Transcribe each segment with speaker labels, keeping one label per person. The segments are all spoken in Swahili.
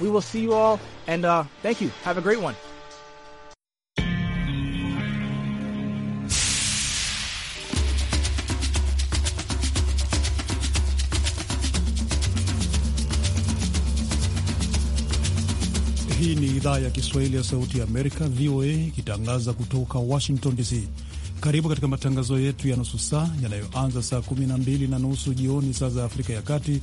Speaker 1: We will see you all, and uh, thank you. Have a great one.
Speaker 2: Hii ni idhaa ya Kiswahili ya Sauti ya Amerika, VOA, ikitangaza kutoka Washington DC. Karibu katika matangazo yetu ya nusu saa yanayoanza saa 12 na nusu jioni saa za Afrika ya Kati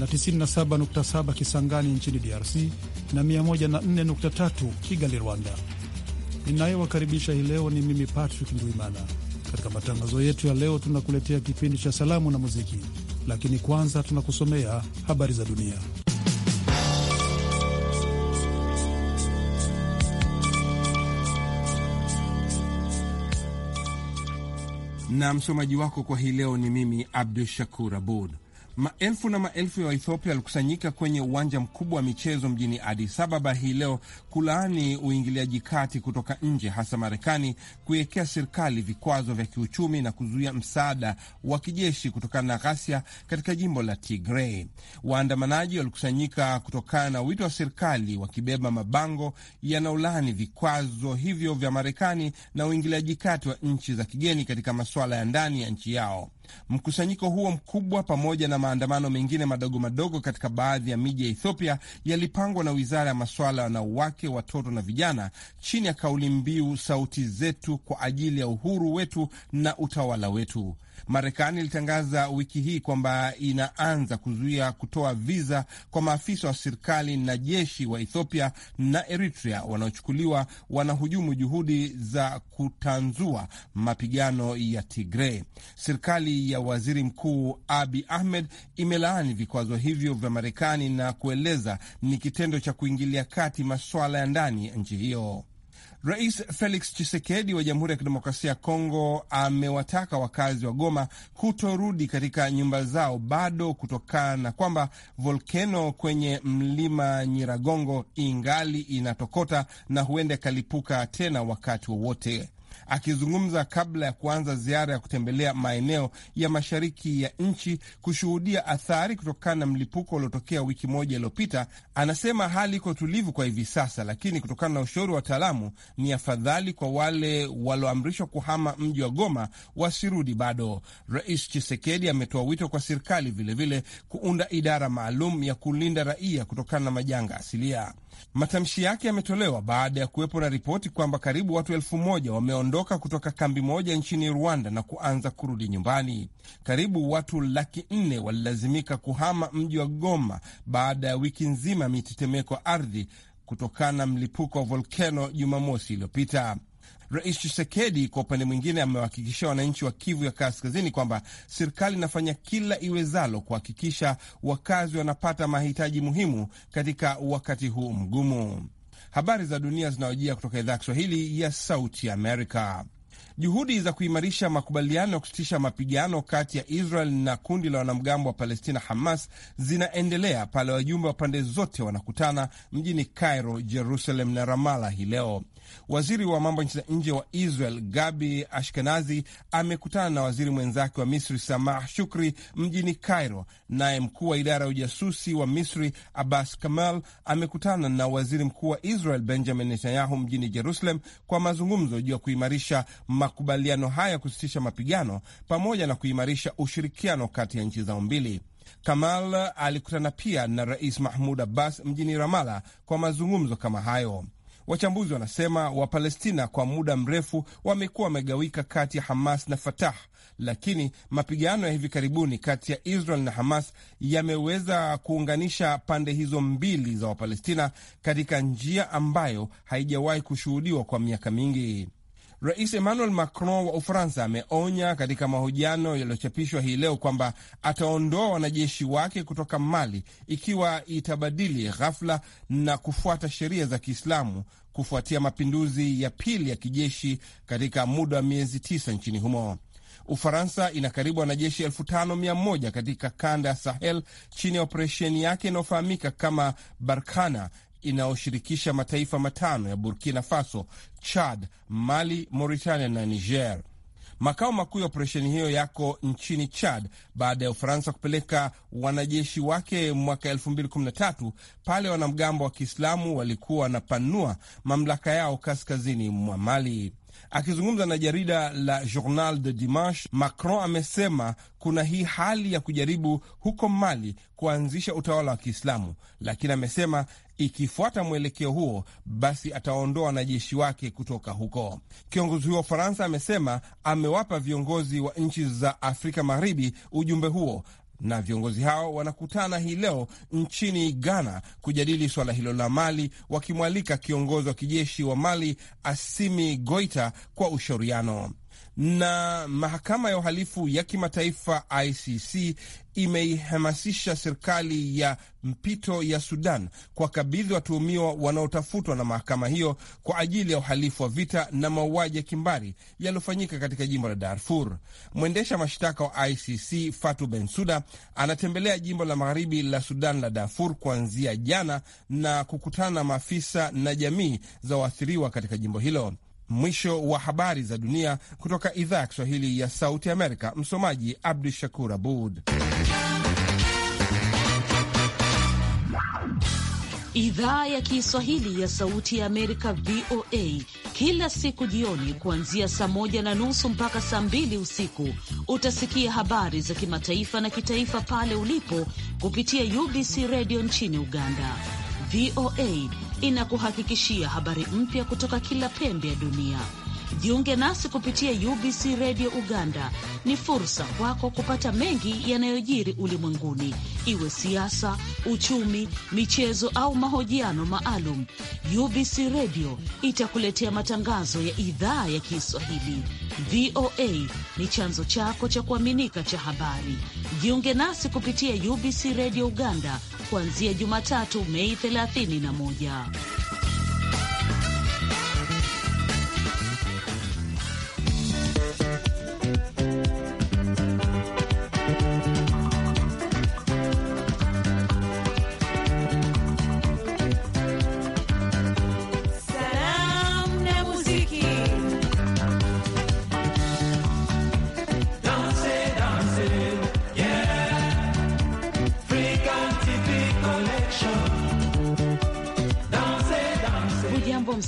Speaker 2: na 97.7 Kisangani nchini DRC na 104.3 Kigali, Rwanda. Ninayewakaribisha hii leo ni mimi Patrick Ndwimana. Katika matangazo yetu ya leo, tunakuletea kipindi cha salamu na muziki, lakini kwanza tunakusomea habari za dunia.
Speaker 1: Na msomaji wako kwa hii leo ni mimi Abdu Shakur Abud. Maelfu na maelfu ya Waethiopia walikusanyika kwenye uwanja mkubwa wa michezo mjini Addis Ababa hii leo kulaani uingiliaji kati kutoka nje, hasa Marekani kuiwekea serikali vikwazo vya kiuchumi na kuzuia msaada wa kijeshi kutokana na ghasia katika jimbo la Tigray. Waandamanaji walikusanyika kutokana na wito wa serikali, wakibeba mabango yanaolaani vikwazo hivyo vya Marekani na uingiliaji kati wa nchi za kigeni katika masuala ya ndani ya nchi yao. Mkusanyiko huo mkubwa pamoja na maandamano mengine madogo madogo katika baadhi ya miji ya Ethiopia yalipangwa na wizara ya masuala ya wanawake, watoto na vijana chini ya kauli mbiu sauti zetu kwa ajili ya uhuru wetu na utawala wetu. Marekani ilitangaza wiki hii kwamba inaanza kuzuia kutoa viza kwa maafisa wa serikali na jeshi wa Ethiopia na Eritrea wanaochukuliwa wanahujumu juhudi za kutanzua mapigano ya tigre Serikali ya waziri mkuu Abi Ahmed imelaani vikwazo hivyo vya Marekani na kueleza ni kitendo cha kuingilia kati masuala ya ndani ya nchi hiyo. Rais Felix Tshisekedi wa Jamhuri ya Kidemokrasia ya Kongo amewataka wakazi wa Goma kutorudi katika nyumba zao bado kutokana na kwamba volkeno kwenye mlima Nyiragongo ingali inatokota na huenda ikalipuka tena wakati wowote wa Akizungumza kabla ya kuanza ziara ya kutembelea maeneo ya mashariki ya nchi kushuhudia athari kutokana na mlipuko uliotokea wiki moja iliyopita, anasema hali iko tulivu kwa hivi sasa, lakini kutokana na ushauri wa wataalamu ni afadhali kwa wale walioamrishwa kuhama mji wa Goma wasirudi bado. Rais Chisekedi ametoa wito kwa serikali vilevile kuunda idara maalum ya kulinda raia kutokana na majanga asilia. Matamshi yake yametolewa baada ya kuwepo na ripoti kwamba karibu watu elfu moja wameondoka kutoka kambi moja nchini Rwanda na kuanza kurudi nyumbani. Karibu watu laki nne walilazimika kuhama mji wa Goma baada ya wiki nzima mitetemeko ardhi kutokana na mlipuko wa volkeno Jumamosi iliyopita. Rais chisekedi kwa upande mwingine amewahakikishia wananchi wa Kivu ya Kaskazini kwamba serikali inafanya kila iwezalo kuhakikisha wakazi wanapata mahitaji muhimu katika wakati huu mgumu. Habari za dunia zinaojia kutoka idhaa ya Kiswahili ya Sauti Amerika. Juhudi za kuimarisha makubaliano ya kusitisha mapigano kati ya Israel na kundi la wanamgambo wa Palestina Hamas zinaendelea pale wajumbe wa pande zote wanakutana mjini Cairo, Jerusalem na Ramala hii leo. Waziri wa mambo ya nchi za nje wa Israel Gabi Ashkenazi amekutana na waziri mwenzake wa Misri Samah Shukri mjini Cairo, naye mkuu wa idara ya ujasusi wa Misri Abbas Kamal amekutana na waziri mkuu wa Israel Benjamin Netanyahu mjini Jerusalem kwa mazungumzo juu ya kuimarisha makubaliano haya kusitisha mapigano pamoja na kuimarisha ushirikiano kati ya nchi zao mbili. Kamal alikutana pia na Rais Mahmud Abbas mjini Ramala kwa mazungumzo kama hayo. Wachambuzi wanasema Wapalestina kwa muda mrefu wamekuwa wamegawika kati ya Hamas na Fatah, lakini mapigano ya hivi karibuni kati ya Israel na Hamas yameweza kuunganisha pande hizo mbili za Wapalestina katika njia ambayo haijawahi kushuhudiwa kwa miaka mingi. Rais Emmanuel Macron wa Ufaransa ameonya katika mahojiano yaliyochapishwa hii leo kwamba ataondoa wanajeshi wake kutoka Mali ikiwa itabadili ghafla na kufuata sheria za Kiislamu kufuatia mapinduzi ya pili ya kijeshi katika muda wa miezi tisa nchini humo. Ufaransa ina karibu wanajeshi elfu tano mia moja katika kanda ya Sahel chini ya operesheni yake inayofahamika kama Barkana inayoshirikisha mataifa matano ya Burkina Faso, Chad, Mali, Mauritania na Niger. Makao makuu ya operesheni hiyo yako nchini Chad baada ya Ufaransa kupeleka wanajeshi wake mwaka 2013 pale wanamgambo wa Kiislamu walikuwa wanapanua mamlaka yao kaskazini mwa Mali. Akizungumza na jarida la Journal de Dimanche, Macron amesema kuna hii hali ya kujaribu huko Mali kuanzisha utawala wa Kiislamu, lakini amesema ikifuata mwelekeo huo basi ataondoa wanajeshi wake kutoka huko. Kiongozi huyo wa Ufaransa amesema amewapa viongozi wa nchi za Afrika Magharibi ujumbe huo na viongozi hao wanakutana hii leo nchini Ghana kujadili suala hilo la Mali, wakimwalika kiongozi wa kijeshi wa Mali Asimi Goita kwa ushauriano. Na mahakama ya uhalifu ya kimataifa ICC imeihamasisha serikali ya mpito ya Sudan kuwakabidhi watuhumiwa wanaotafutwa na mahakama hiyo kwa ajili ya uhalifu wa vita na mauaji ya kimbari yaliyofanyika katika jimbo la Darfur. Mwendesha mashtaka wa ICC Fatu Bensuda anatembelea jimbo la magharibi la Sudan la Darfur kuanzia jana na kukutana na maafisa na jamii za waathiriwa katika jimbo hilo. Mwisho wa habari za dunia kutoka idhaa ya Kiswahili ya Sauti Amerika. Msomaji Abdu Shakur Abud.
Speaker 3: Idhaa ya Kiswahili ya Sauti ya Amerika, VOA, kila siku jioni kuanzia saa moja na nusu mpaka saa mbili usiku utasikia habari za kimataifa na kitaifa pale ulipo kupitia UBC redio nchini Uganda, VOA inakuhakikishia habari mpya kutoka kila pembe ya dunia. Jiunge nasi kupitia UBC Radio Uganda. Ni fursa kwako kupata mengi yanayojiri ulimwenguni, iwe siasa, uchumi, michezo au mahojiano maalum. UBC Radio itakuletea matangazo ya idhaa ya Kiswahili. VOA ni chanzo chako cha kuaminika cha habari. Jiunge nasi kupitia UBC Radio Uganda kuanzia Jumatatu, Mei 31.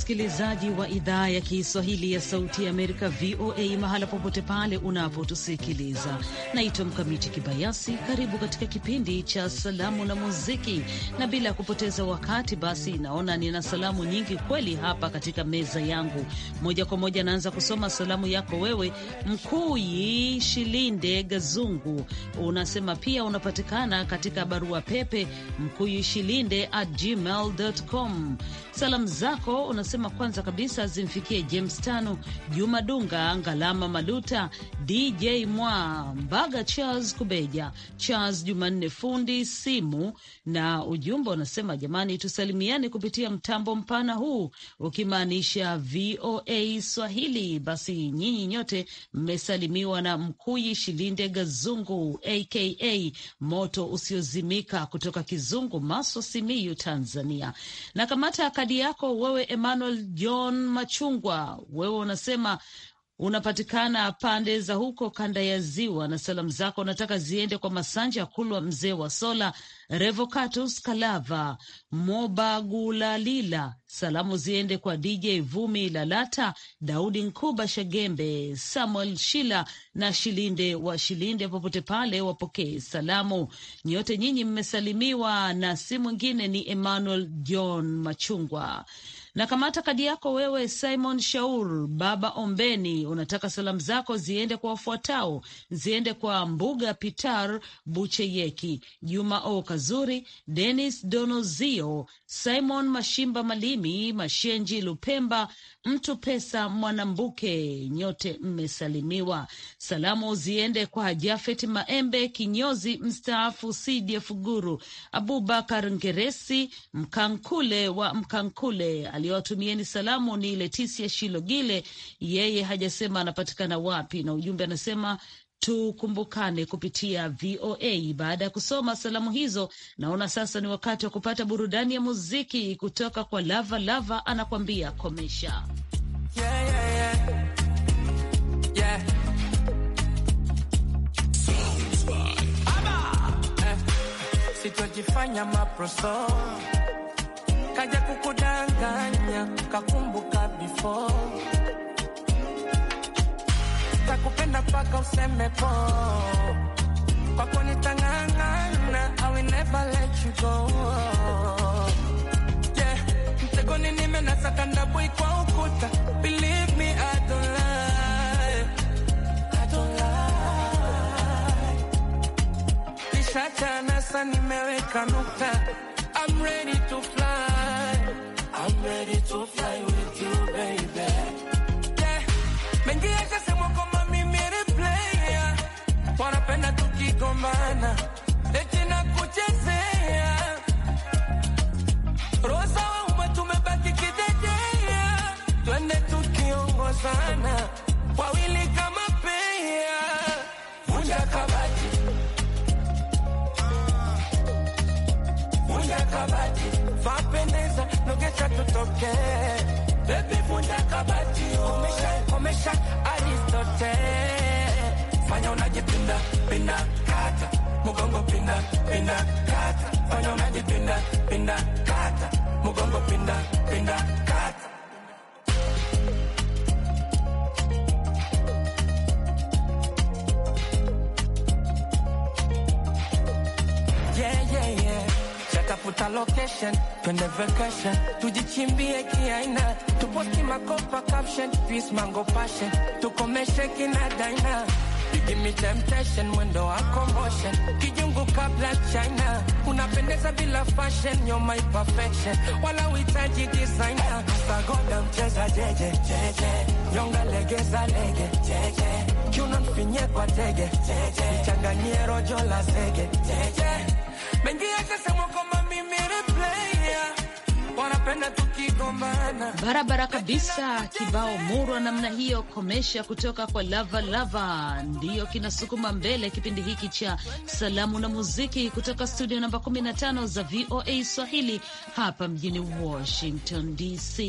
Speaker 3: msikilizaji wa idhaa ya Kiswahili ya Sauti ya Amerika, VOA, mahala popote pale unapotusikiliza. Naitwa Mkamiti Kibayasi. Karibu katika kipindi cha Salamu na Muziki, na bila ya kupoteza wakati, basi naona nina salamu nyingi kweli hapa katika meza yangu. Moja kwa moja naanza kusoma salamu yako wewe, Mkuyi Shilinde Gazungu. Unasema pia unapatikana katika barua pepe mkuyi shilinde at gmail.com Salamu zako unasema kwanza kabisa zimfikie James Tano, Juma Dunga, Ngalama Maluta, DJ Mwa Mbaga, Charles Kubeja, Charles Jumanne fundi simu, na ujumbe unasema jamani, tusalimiane kupitia mtambo mpana huu, ukimaanisha VOA Swahili. Basi nyinyi nyote mmesalimiwa na Mkuyi Shilinde Gazungu aka Moto Usiozimika kutoka Kizungu, Maswa, Simiyu, Tanzania na kamata hadi yako wewe Emmanuel John Machungwa, wewe unasema unapatikana pande za huko kanda ya Ziwa, na salamu zako nataka ziende kwa Masanja Kulwa, mzee wa Sola, Revocatus Kalava, Mobagulalila. Salamu ziende kwa DJ Vumi Lalata, Daudi Nkuba Shagembe, Samuel Shila na Shilinde wa Shilinde, popote pale wapokee salamu. Nyote nyinyi mmesalimiwa, na si mwingine ni Emmanuel John Machungwa. Na kamata kadi yako wewe, Simon Shaur Baba Ombeni, unataka salamu zako ziende kwa wafuatao: ziende kwa Mbuga Pitar Bucheyeki, Juma O Kazuri, Denis Donozio, Simon Mashimba Malimi, Mashenji Lupemba, Mtu Pesa Mwanambuke, nyote mmesalimiwa. Salamu ziende kwa Jafet Maembe, kinyozi mstaafu, sidia fuguru Abubakar Ngeresi, Mkankule wa Mkankule aliyowatumieni salamu ni Leticia Shilogile, yeye hajasema anapatikana wapi, na ujumbe anasema tukumbukane kupitia VOA. Baada ya kusoma salamu hizo, naona sasa ni wakati wa kupata burudani ya muziki kutoka kwa Lava Lava, anakuambia komesha. yeah, yeah, yeah.
Speaker 4: Yeah kaja kukudanganya, kakumbuka before takupenda paka useme po, kwako nitang'ang'ana, I will never let you go. Yeah, mtegoni nimenasa ndabui kwa ukuta, believe me I don't lie, I nasa nimeweka nukta, I'm ready to fly mengia kasema kwamba mimi ni player, wanapenda tukigombana eti na kuchezea rosawauma tumebaki kitetea, twende tukiongozana nogesha tutoke Baby vunda kabati umesha umesha Aristote fanya unajipinda pinda kata mugongo pinda pinda kata fanya unajipinda pinda kata mugongo pinda pinda kata tafuta location, twende vacation, tujichimbie kiaina, tuposti makopa caption, peace mango passion, tukomeshe kina daina Give me temptation, mwendo wa commotion, kijungu kabla China, unapendeza bila fashion, you're my perfection, wala uhitaji designer. Sagoda mcheza jeje jeje, nyonga legeza lege jeje, kiuno mfinye kwa tege jeje, ichanganyie rojo la zege jeje, mengi acha semwa baby, me to play, yeah. Wanna barabara kabisa.
Speaker 3: Kibao murwa namna hiyo, komesha kutoka kwa lava lava, ndiyo kinasukuma mbele kipindi hiki cha salamu na muziki kutoka studio namba 15 za VOA Swahili hapa mjini Washington DC.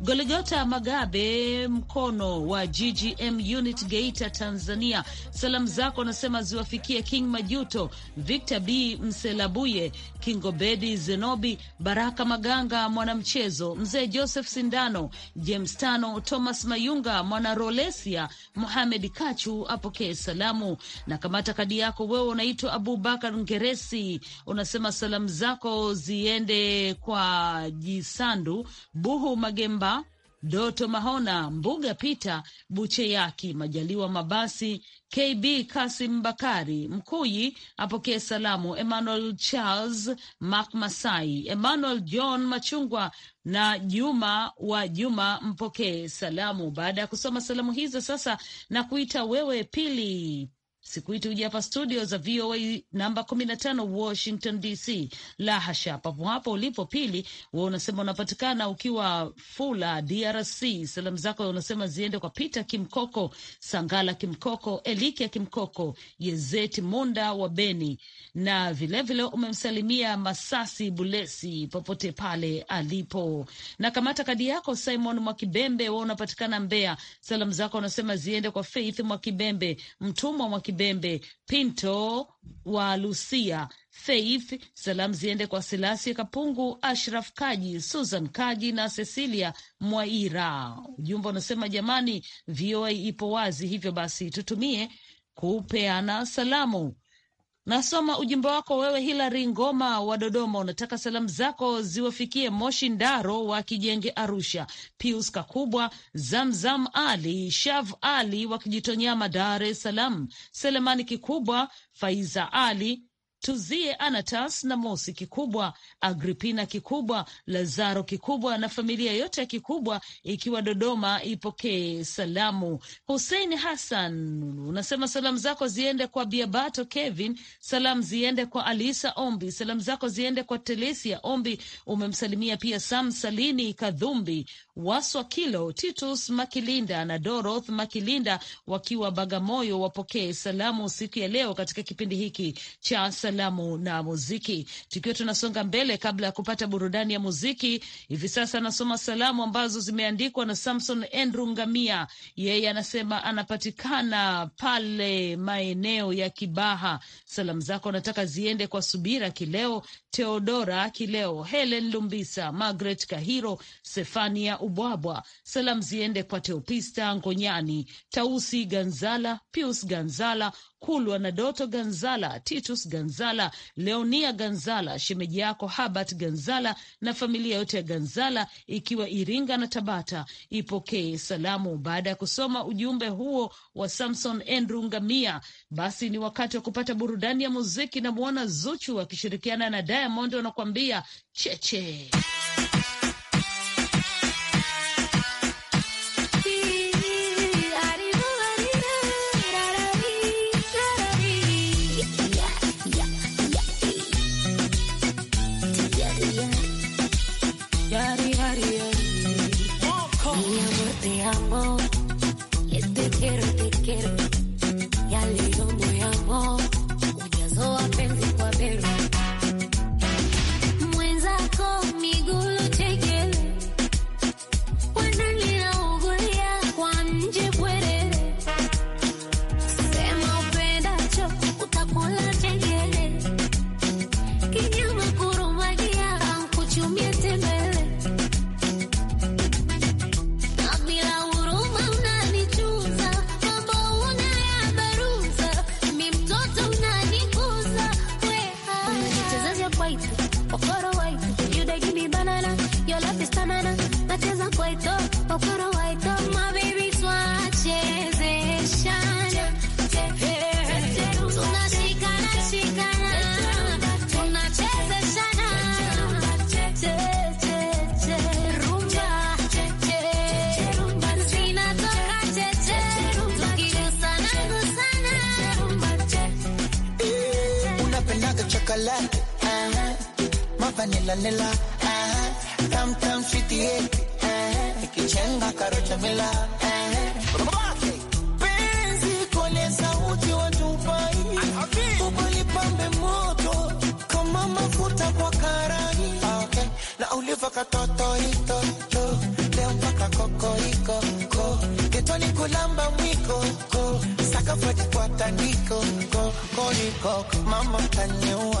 Speaker 3: Goligota Magabe mkono wa GGM unit Geita, Tanzania, salamu zako anasema ziwafikie King Majuto, Victor B Mselabuye, Kingobedi Zenobi, Baraka Maganga mwanamchezo mzee Joseph Sindano, James Tano, Thomas Mayunga, mwana Rolesia, muhamed Kachu apokee salamu na kamata kadi yako. Wewe unaitwa Abubakar Ngeresi, unasema salamu zako ziende kwa Jisandu Buhu Magemba Doto Mahona, Mbuga Pita, Bucheyaki Majaliwa, Mabasi KB Kasim Bakari Mkuyi apokee salamu. Emmanuel Charles Mak Masai, Emmanuel John Machungwa na Juma wa Juma mpokee salamu. Baada ya kusoma salamu hizo, sasa na kuita wewe Pili Sikuiti huja hapa studio za VOA namba 15 Washington DC. La hasha, papo hapo ulipo. Pili we unasema unapatikana ukiwa Fula, DRC. Salamu zako unasema ziende kwa Peter Kimkoko, Sangala Kimkoko, Elikia Kimkoko, Yezeti Munda wa Beni, na vilevile umemsalimia Masasi Bulesi popote pale alipo. Na kamata kadi yako Simon Mwakibembe, we unapatikana Mbeya. Salamu zako unasema ziende kwa Faith Mwakibembe, mtumwa Mwakibembe Kibembe, Pinto wa Lusia, Faith. Salamu ziende kwa Silasi Kapungu, Ashraf Kaji, Susan Kaji na Cecilia Mwaira. Ujumbe unasema jamani, VOA ipo wazi, hivyo basi tutumie kupeana salamu Nasoma ujumbe wako wewe, Hilary Ngoma wa Dodoma, unataka salamu zako ziwafikie Moshi Ndaro wa Kijenge, Arusha, Pius Kakubwa, Zamzam Ali, Shav Ali wa Kijitonyama, Dar es Salaam, Selemani Kikubwa, Faiza Ali Tuzie Anatas na Mosi Kikubwa, Agripina Kikubwa, Lazaro Kikubwa na familia yote ya Kikubwa ikiwa Dodoma ipokee salamu. Husein Hassan unasema salamu zako ziende kwa Biabato Kevin, salamu ziende kwa Alisa Ombi, salamu zako ziende kwa Telesia Ombi, umemsalimia pia Sam Salini Kadhumbi, Waswa Kilo, Titus Makilinda na Doroth Makilinda wakiwa Bagamoyo, wapokee salamu siku ya leo katika kipindi hiki cha salamu na muziki, tukiwa tunasonga mbele. Kabla ya kupata burudani ya muziki, hivi sasa anasoma salamu ambazo zimeandikwa na Samson Andrew Ngamia. Yeye anasema anapatikana pale maeneo ya Kibaha. Salamu zako anataka ziende kwa Subira Kileo, Teodora Kileo, Helen Lumbisa, Margaret Kahiro, Sefania Ubwabwa. Salamu ziende kwa Teopista Ngonyani, Tausi Ganzala, Pius Ganzala, Kulwa na Doto Ganzala, Titus Ganzala, Leonia Ganzala, shemeji yako Habart Ganzala na familia yote ya Ganzala ikiwa Iringa na Tabata, ipokee salamu. Baada ya kusoma ujumbe huo wa Samson Andrew Ngamia, basi ni wakati wa kupata burudani ya muziki. Namwona Zuchu akishirikiana na Diamond wanakuambia cheche
Speaker 5: or photo
Speaker 4: vanilla nila eh tam tam city eh kichenga karocha mila eh penzi kole sauti watupai ubali pambe moto kama mafuta kwa karai okay na uliva katoto hito cho leo mpaka koko hiko ko getoni kulamba mwiko ko sakafu kwa tandiko ko ko mama tanyua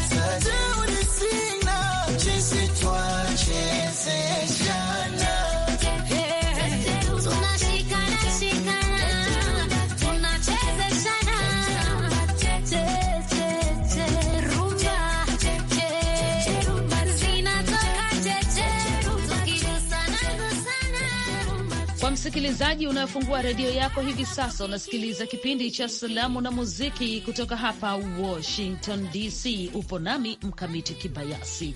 Speaker 3: msikilizaji unayofungua redio yako hivi sasa, unasikiliza kipindi cha Salamu na Muziki kutoka hapa Washington DC. Upo nami Mkamiti Kibayasi.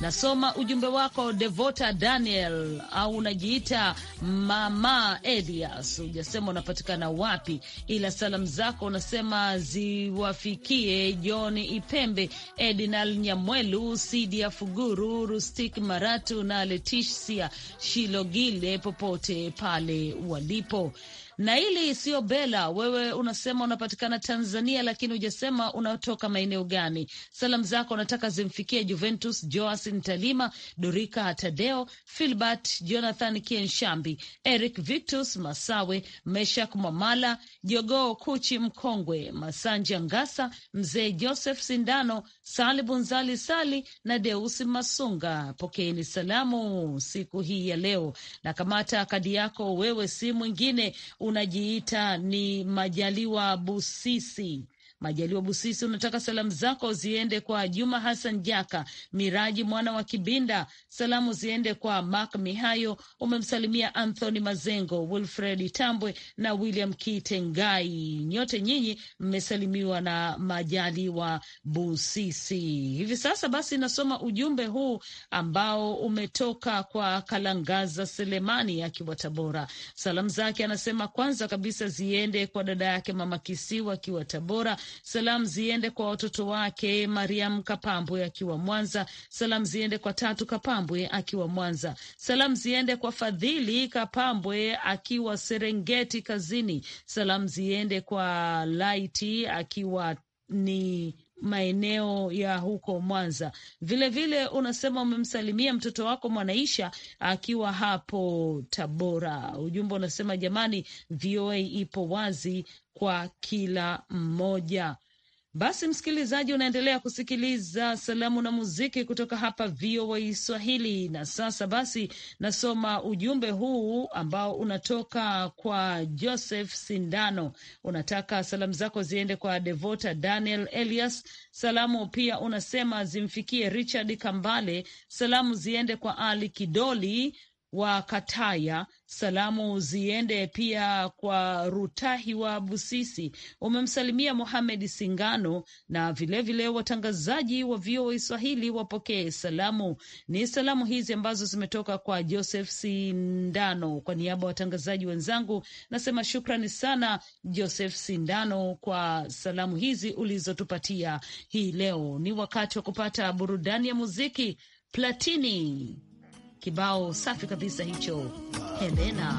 Speaker 3: Nasoma ujumbe wako Devota Daniel au unajiita Mama Elias, hujasema unapatikana wapi, ila salamu zako unasema ziwafikie John Ipembe, Edinal Nyamwelu, Sidia Fuguru, Rustik Maratu na Letisia Shilogile popote pale walipo na ili sio Bela, wewe unasema unapatikana Tanzania, lakini hujasema unatoka maeneo gani. Salamu zako nataka zimfikie Juventus Joas Ntalima, Dorika Tadeo, Filbert Jonathan Kienshambi, Eric Victus Masawe, Meshak Mwamala, Jogoo Kuchi Mkongwe, Masanja Ngasa, Mzee Joseph Sindano, Sali Bunzali Sali na Deusi Masunga. Pokeeni salamu siku hii ya leo, na kamata kadi yako wewe, si mwingine unajiita ni Majaliwa Busisi Majaliwa Busisi unataka salamu zako ziende kwa Juma Hassan Jaka, Miraji mwana wa Kibinda. Salamu ziende kwa Mak Mihayo, umemsalimia Anthony Mazengo, Wilfred Tambwe na William Kitengai. Nyote nyinyi mmesalimiwa na Majaliwa Busisi. Hivi sasa basi, nasoma ujumbe huu ambao umetoka kwa Kalangaza Selemani akiwa Tabora. Salamu zake anasema kwanza kabisa ziende kwa dada yake Mama Kisiwa akiwa Tabora. Salamu ziende kwa watoto wake Mariam Kapambwe akiwa Mwanza. Salamu ziende kwa Tatu Kapambwe akiwa Mwanza. Salamu ziende kwa Fadhili Kapambwe akiwa Serengeti Kazini. Salamu ziende kwa Laiti akiwa ni maeneo ya huko Mwanza. Vilevile vile unasema umemsalimia mtoto wako Mwanaisha akiwa hapo Tabora. Ujumbe unasema jamani, VOA ipo wazi kwa kila mmoja. Basi msikilizaji, unaendelea kusikiliza salamu na muziki kutoka hapa VOA Swahili. Na sasa basi, nasoma ujumbe huu ambao unatoka kwa Joseph Sindano. Unataka salamu zako ziende kwa Devota Daniel Elias. Salamu pia unasema zimfikie Richard Kambale. Salamu ziende kwa Ali Kidoli wa Kataya. Salamu ziende pia kwa Rutahi wa Busisi, umemsalimia Mohamed Singano na vilevile vile watangazaji wa VOA Swahili wapokee salamu. Ni salamu hizi ambazo zimetoka kwa Joseph Sindano. Kwa niaba ya watangazaji wenzangu nasema shukrani sana Joseph Sindano kwa salamu hizi ulizotupatia hii leo. Ni wakati wa kupata burudani ya muziki. Platini Kibao safi kabisa hicho, Helena.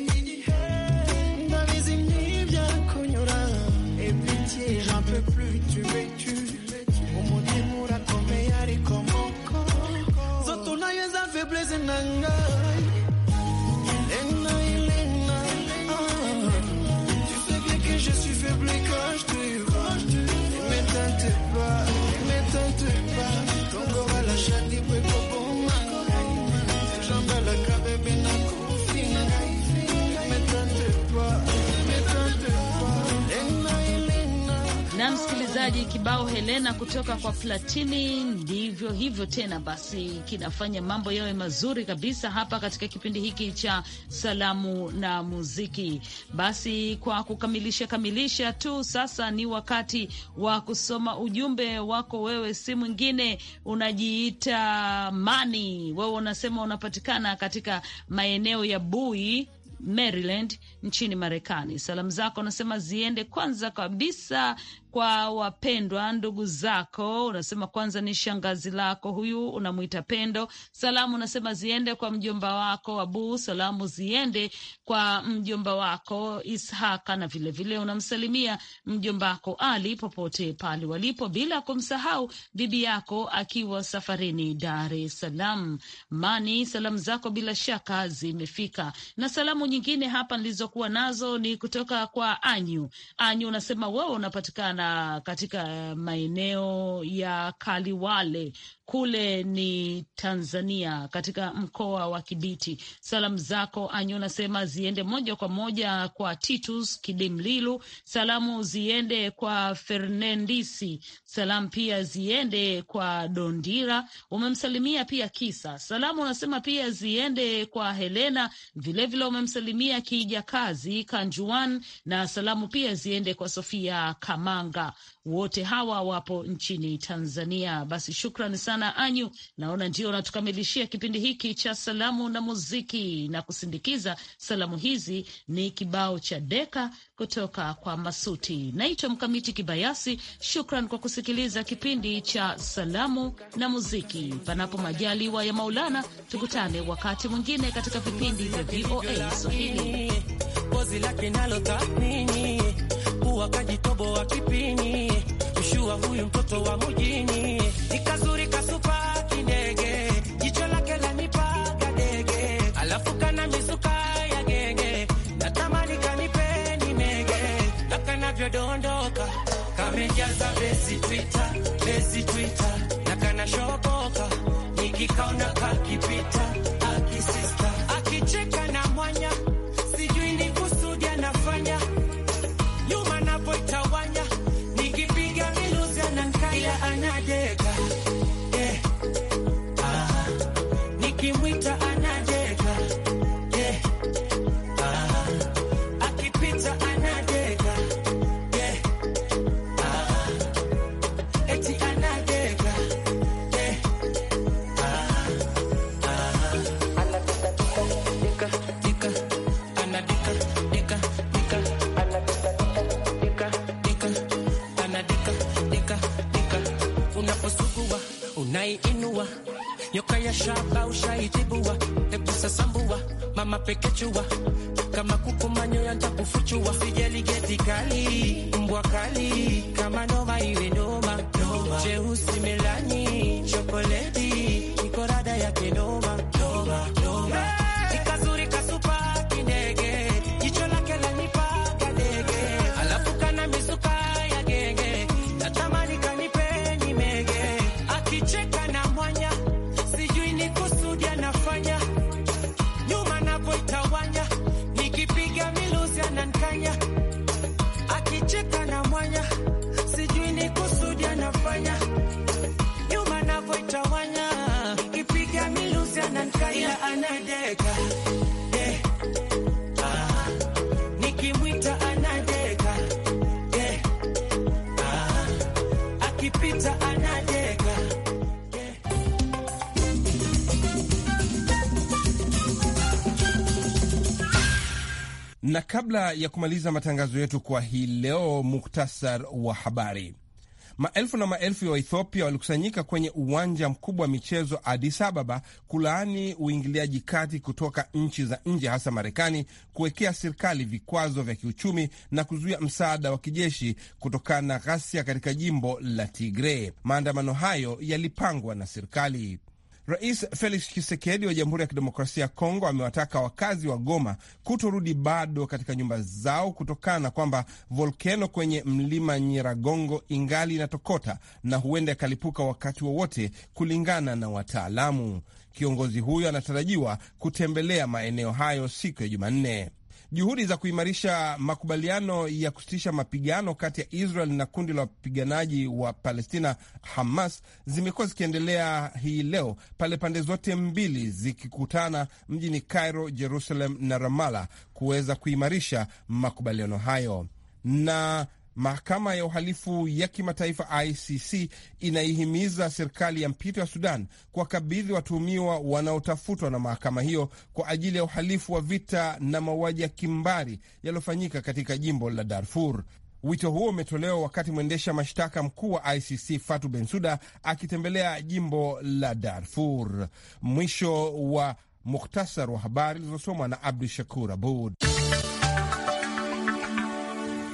Speaker 6: peux plus, tu m'es
Speaker 3: msikilizaji, kibao Helena kutoka kwa Platini. Ndivyo hivyo tena basi, kinafanya mambo yawe mazuri kabisa hapa katika kipindi hiki cha salamu na muziki. Basi kwa kukamilisha kamilisha tu, sasa ni wakati wa kusoma ujumbe wako. Wewe si mwingine, unajiita Mani, wewe unasema unapatikana katika maeneo ya Bui Maryland nchini Marekani. Salamu zako nasema ziende kwanza kabisa kwa wapendwa ndugu zako. Unasema kwanza ni shangazi lako huyu, unamwita Pendo. Salamu unasema ziende kwa mjomba wako Abu, salamu ziende kwa mjomba wako Ishaka, na vilevile vile unamsalimia mjomba wako Ali popote pale walipo, bila kumsahau bibi yako akiwa safarini Dar es Salaam. Mani, salamu zako bila shaka zimefika, na salamu nyingine hapa nilizokuwa nazo ni kutoka kwa Anyu. Anyu unasema wewe unapatikana sana katika eh, maeneo ya Kaliwale kule ni Tanzania, katika mkoa wa Kibiti. Salamu zako Anyo nasema ziende moja kwa moja kwa Titus Kidimlilu, salamu ziende kwa Fernandisi, salamu pia ziende kwa Dondira, umemsalimia pia Kisa, salamu unasema pia ziende kwa Helena, vilevile umemsalimia Kijakazi Kanjuan, na salamu pia ziende kwa Sofia Kamanga wote hawa wapo nchini Tanzania. Basi shukrani sana Anyu, naona ndio unatukamilishia kipindi hiki cha salamu na muziki, na kusindikiza salamu hizi ni kibao cha Deka kutoka kwa Masuti. Naitwa Mkamiti Kibayasi. Shukran kwa kusikiliza kipindi cha salamu na muziki. Panapo majaliwa ya Maulana, tukutane wakati mwingine katika vipindi vya VOA Swahili.
Speaker 4: kipini Joshua huyu mtoto wa mjini ikazuri kasupa kindege jicho lake la mipaka dege alafu kana mizuka ya genge natamani kanipe ni mege nakanavyodoondoka kamejaza bezi twita bezi twita nakanashoboka nikikaona kakipita akisista akicheka Biashara hebu sasa mama pekechua
Speaker 1: Na kabla ya kumaliza matangazo yetu kwa hii leo, muktasar wa habari. Maelfu na maelfu ya Waethiopia walikusanyika kwenye uwanja mkubwa wa michezo Addis Ababa kulaani uingiliaji kati kutoka nchi za nje, hasa Marekani, kuwekea serikali vikwazo vya kiuchumi na kuzuia msaada wa kijeshi kutokana na ghasia katika jimbo la Tigre. Maandamano hayo yalipangwa na serikali. Rais Felix Tshisekedi wa Jamhuri ya Kidemokrasia ya Kongo amewataka wakazi wa Goma kutorudi bado katika nyumba zao kutokana na kwamba volkeno kwenye mlima Nyiragongo ingali inatokota na huenda ikalipuka wakati wowote wa kulingana na wataalamu. Kiongozi huyo anatarajiwa kutembelea maeneo hayo siku ya Jumanne. Juhudi za kuimarisha makubaliano ya kusitisha mapigano kati ya Israel na kundi la wapiganaji wa Palestina Hamas zimekuwa zikiendelea hii leo pale pande zote mbili zikikutana mjini Cairo, Jerusalem na Ramala kuweza kuimarisha makubaliano hayo na Mahakama ya uhalifu ya kimataifa ICC inaihimiza serikali ya mpito ya Sudan kuwakabidhi watuhumiwa wanaotafutwa na mahakama hiyo kwa ajili ya uhalifu wa vita na mauaji ya kimbari yaliyofanyika katika jimbo la Darfur. Wito huo umetolewa wakati mwendesha mashtaka mkuu wa ICC Fatu Bensuda akitembelea jimbo la Darfur. Mwisho wa mukhtasar wa habari zilizosomwa na Abdu Shakur Abud.